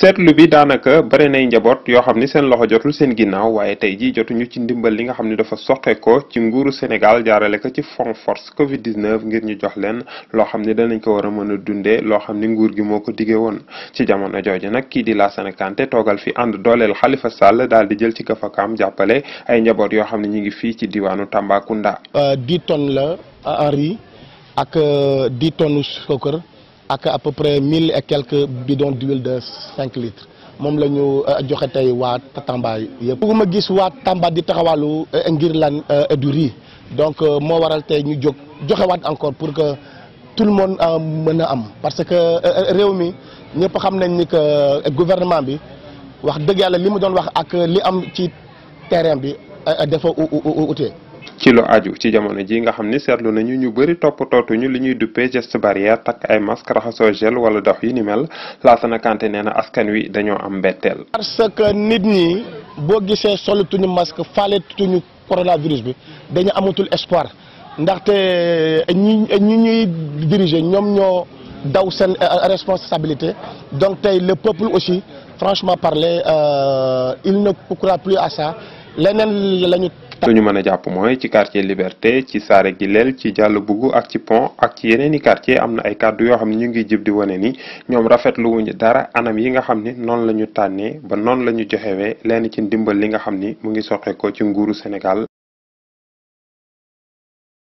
seetlu bi daanaka bare nay njaboot yoo xam ni seen loxo jotul seen ginnaaw waaye tey jii jotuñu ci ndimbal li nga xam ni dafa soqe ci nguuru Sénégal jaarale ko ci fond force Covid 19 ngir ñu jox leen loo xam ni danañ ko war a mën a dundee loo xam ni nguur gi moo ko diggee woon ci jamono jooju nag kii di Lassana Kanté toogal fi ànd dooleel Khalifa Sall daal di jël ci kafakaam jàppale ay njaboot yoo xam ne ñu ngi fii ci diwaanu Tambacounda. 10 euh, tonnes la ari ak 10 euh, tonnes ak à peu près mille et bi doon d'huile de cinq litres moom la ñu euh, joxe tey waat Tamba yëpp. bëgguma gis waat Tamba di taxawaalu euh, ngir lan euh, du riz donc moo waral tey ñu jóg joxewaat encore pour que tout le monde mën a am parce que réew mi ñëpp xam nañ ni que gouvernement bi wax dëgg yàlla li mu doon wax ak li am ci terrain bi dafa ute. ci lu aju ci jamono ji nga xam ni seetlu na ñu bëri toppatootuñu li ñuy duppee geste barrière takk ay masque raxasoo gel wala dox yu ni mel Laasana Kanté nee askan wi dañoo am mbetteel. parce que nit ñi boo gisee solutuñu masque faaletuñu coronavirus bi dañu amatul espoir ndaxte eh, ñi eh, ñi ñuy diriger ñoom ñoo daw seen eh, responsabilité donc tey le peuple aussi franchement parler euh, il ne croit plus à ça. leneen lañu lu ñu mën a jàpp mooy ci quartier Liberté ci Saare Gileel ci jàll bugg ak ci Pont ak ci yeneen i quartier am na ay kàddu yoo xam ne ñu ngi jib di wane ni ñoom rafetlu wuñu dara anam yi nga xam ni noonu la ñu tànnee ba noonu la ñu joxewee leen ci ndimbal li nga xam ni mu ngi soqeekoo ci nguuru Sénégal